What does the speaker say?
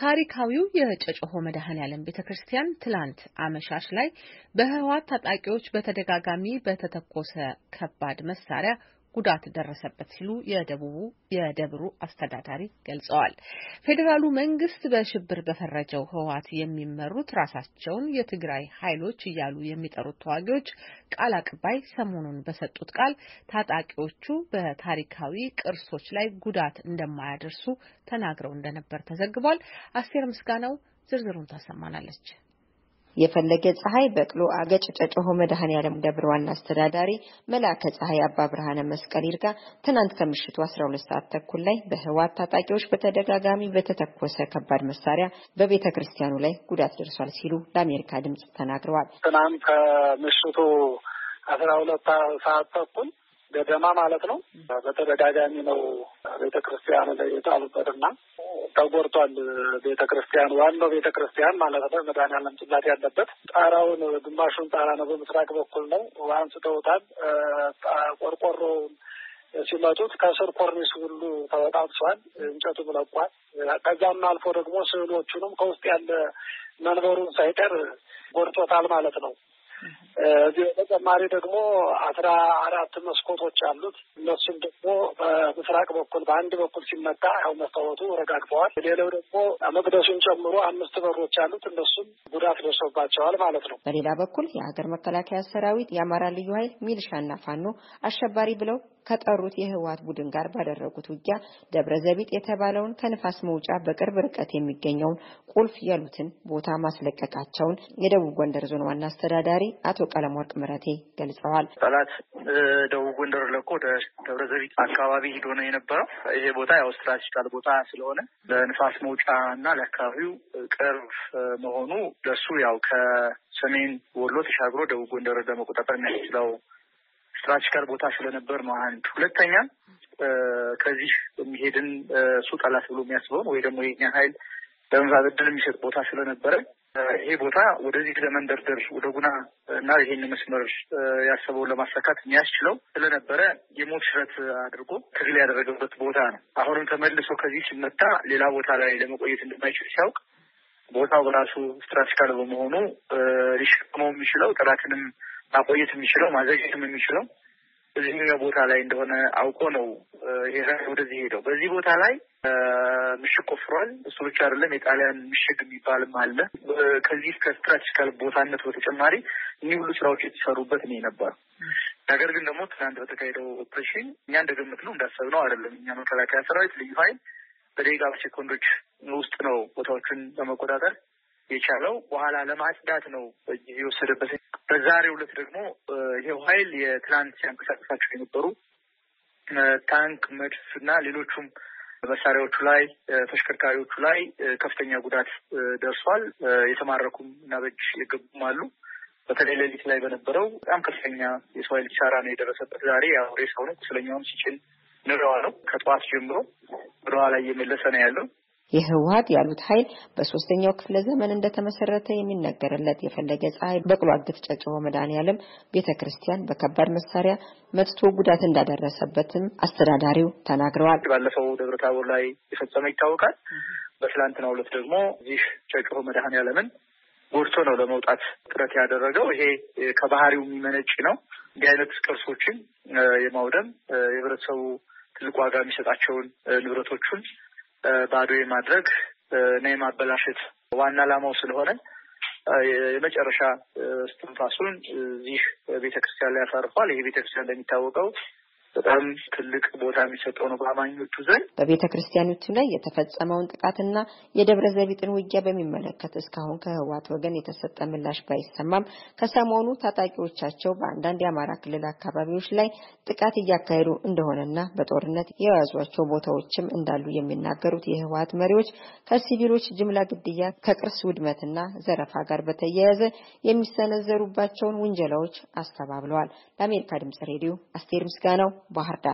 ታሪካዊው የጨጨሆ መድኃኔዓለም ቤተ ክርስቲያን ትላንት አመሻሽ ላይ በህወሓት ታጣቂዎች በተደጋጋሚ በተተኮሰ ከባድ መሳሪያ ጉዳት ደረሰበት ሲሉ የደቡቡ የደብሩ አስተዳዳሪ ገልጸዋል። ፌዴራሉ መንግስት በሽብር በፈረጀው ህወሓት የሚመሩት ራሳቸውን የትግራይ ኃይሎች እያሉ የሚጠሩት ተዋጊዎች ቃል አቀባይ ሰሞኑን በሰጡት ቃል ታጣቂዎቹ በታሪካዊ ቅርሶች ላይ ጉዳት እንደማያደርሱ ተናግረው እንደነበር ተዘግቧል። አስቴር ምስጋናው ዝርዝሩን ታሰማናለች። የፈለገ ፀሐይ በቅሎ አገጭ ጨጮሆ መድኃኔዓለም ደብር ዋና አስተዳዳሪ መላከ ፀሐይ አባ ብርሃነ መስቀል ይርጋ ትናንት ከምሽቱ 12 ሰዓት ተኩል ላይ በህወሓት ታጣቂዎች በተደጋጋሚ በተተኮሰ ከባድ መሳሪያ በቤተ ክርስቲያኑ ላይ ጉዳት ደርሷል ሲሉ ለአሜሪካ ድምጽ ተናግረዋል። ትናንት ከምሽቱ 12 ሰዓት ተኩል ገደማ ማለት ነው። በተደጋጋሚ ነው ቤተ ክርስቲያኑ ላይ የጣሉበትና ተጎድቷል። ቤተ ክርስቲያን ዋናው ቤተ ክርስቲያን ማለት ነው። መድኃኔዓለም ጽላት ያለበት ጣራውን ግማሹን ጣራ ነው፣ በምስራቅ በኩል ነው አንስተውታል። ቆርቆሮውን ሲመጡት ከስር ኮርኒስ ሁሉ ተወጣጥሷል፣ እንጨቱ ብለቋል። ከዛም አልፎ ደግሞ ስዕሎቹንም ከውስጥ ያለ መንበሩን ሳይቀር ጎድቶታል ማለት ነው። እዚህ በተጨማሪ ደግሞ አስራ አራት መስኮቶች አሉት። እነሱም ደግሞ በምስራቅ በኩል በአንድ በኩል ሲመጣ ያው መስታወቱ ረጋግፈዋል። ሌላው ደግሞ መቅደሱን ጨምሮ አምስት በሮች አሉት። እነሱም ጉዳት ደርሶባቸዋል ማለት ነው። በሌላ በኩል የሀገር መከላከያ ሰራዊት፣ የአማራ ልዩ ኃይል፣ ሚልሻና ፋኖ አሸባሪ ብለው ከጠሩት የህወሀት ቡድን ጋር ባደረጉት ውጊያ ደብረ ዘቢጥ የተባለውን ከንፋስ መውጫ በቅርብ ርቀት የሚገኘውን ቁልፍ ያሉትን ቦታ ማስለቀቃቸውን የደቡብ ጎንደር ዞን ዋና አስተዳዳሪ አቶ ቀለም ወርቅ ምረቴ ገልጸዋል። ጠላት ደቡብ ጎንደር ለቆ ወደ ደብረዘቢት አካባቢ ሂዶ ነው የነበረው። ይሄ ቦታ ያው ስትራቴጂካል ቦታ ስለሆነ ለንፋስ መውጫ እና ለአካባቢው ቅርብ መሆኑ ለሱ ያው ከሰሜን ወሎ ተሻግሮ ደቡብ ጎንደር ለመቆጣጠር የሚያስችለው ስትራቴጂካል ቦታ ስለነበር ነው አንድ። ሁለተኛ ከዚህ የሚሄድን እሱ ጠላት ብሎ የሚያስበውን ወይ ደግሞ የኛን ኃይል ለመዛብ እድል የሚሰጥ ቦታ ስለነበረ ይሄ ቦታ ወደዚህ ለመንደርደር ወደ ጉና እና ይሄን መስመር ያሰበውን ለማሳካት የሚያስችለው ስለነበረ የሞት ሽረት አድርጎ ትግል ያደረገበት ቦታ ነው። አሁንም ተመልሶ ከዚህ ሲመታ ሌላ ቦታ ላይ ለመቆየት እንደማይችል ሲያውቅ ቦታው በራሱ ስትራቲካል በመሆኑ ሊሸክመው የሚችለው ጠላትንም ማቆየት የሚችለው ማዘግየትም የሚችለው እዚህኛው ቦታ ላይ እንደሆነ አውቆ ነው ይሄ ወደዚህ ሄደው በዚህ ቦታ ላይ ምሽግ ቆፍሯል። እሱ ብቻ አይደለም የጣሊያን ምሽግ የሚባልም አለ። ከዚህ እስከ ስትራቴጂካል ቦታነት በተጨማሪ እኒህ ሁሉ ስራዎች የተሰሩበት ነው የነበሩ። ነገር ግን ደግሞ ትናንት በተካሄደው ኦፕሬሽን እኛ እንደገምት ነው እንዳሰብነው አይደለም። እኛ መከላከያ ሰራዊት ልዩ ኃይል በደቂቃ ሴኮንዶች ውስጥ ነው ቦታዎችን በመቆጣጠር የቻለው በኋላ ለማጽዳት ነው የወሰደበት። በዛሬው ዕለት ደግሞ ይሄው ኃይል የትናንት ሲያንቀሳቀሳቸው የነበሩ ታንክ፣ መድፍ እና ሌሎቹም መሳሪያዎቹ ላይ ተሽከርካሪዎቹ ላይ ከፍተኛ ጉዳት ደርሷል። የተማረኩም እና በእጅ የገቡም አሉ። በተለይ ሌሊት ላይ በነበረው በጣም ከፍተኛ የሰው ኃይል ኪሳራ ነው የደረሰበት። ዛሬ ያው ሬሳውን ቁስለኛውን ሲጭን ንረዋ ነው ከጠዋት ጀምሮ ወደኋላ እየመለሰ ነው ያለው። የህወሀት ያሉት ኃይል በሶስተኛው ክፍለ ዘመን እንደተመሰረተ የሚነገርለት የፈለገ ፀሐይ በቅሎ አግት ጨጭቦ መድኃኔዓለም ቤተ ክርስቲያን በከባድ መሳሪያ መትቶ ጉዳት እንዳደረሰበትም አስተዳዳሪው ተናግረዋል። ባለፈው ደብረ ታቦር ላይ የፈጸመ ይታወቃል። በትላንትና ሁለት ደግሞ ይህ ጨጭሆ መድኃኔዓለምን ጎድቶ ነው ለመውጣት ጥረት ያደረገው። ይሄ ከባህሪው የሚመነጭ ነው። እንዲህ አይነት ቅርሶችን የማውደም የህብረተሰቡ ትልቅ ዋጋ የሚሰጣቸውን ንብረቶቹን ባዶ የማድረግ እና የማበላሸት ዋና ዓላማው ስለሆነ የመጨረሻ እስትንፋሱን እዚህ ቤተክርስቲያን ላይ ያሳርፏል። ይህ ቤተክርስቲያን እንደሚታወቀው በጣም ትልቅ ቦታ የሚሰጠው ነው በአማኞቹ ዘንድ። በቤተ ክርስቲያኖቹ ላይ የተፈጸመውን ጥቃትና የደብረ ዘቢጥን ውጊያ በሚመለከት እስካሁን ከህወሓት ወገን የተሰጠ ምላሽ ባይሰማም ከሰሞኑ ታጣቂዎቻቸው በአንዳንድ የአማራ ክልል አካባቢዎች ላይ ጥቃት እያካሄዱ እንደሆነና በጦርነት የያዟቸው ቦታዎችም እንዳሉ የሚናገሩት የህወሓት መሪዎች ከሲቪሎች ጅምላ ግድያ፣ ከቅርስ ውድመትና ዘረፋ ጋር በተያያዘ የሚሰነዘሩባቸውን ውንጀላዎች አስተባብለዋል። ለአሜሪካ ድምጽ ሬዲዮ አስቴር ምስጋናው ਬਾਹਰ ਦਾ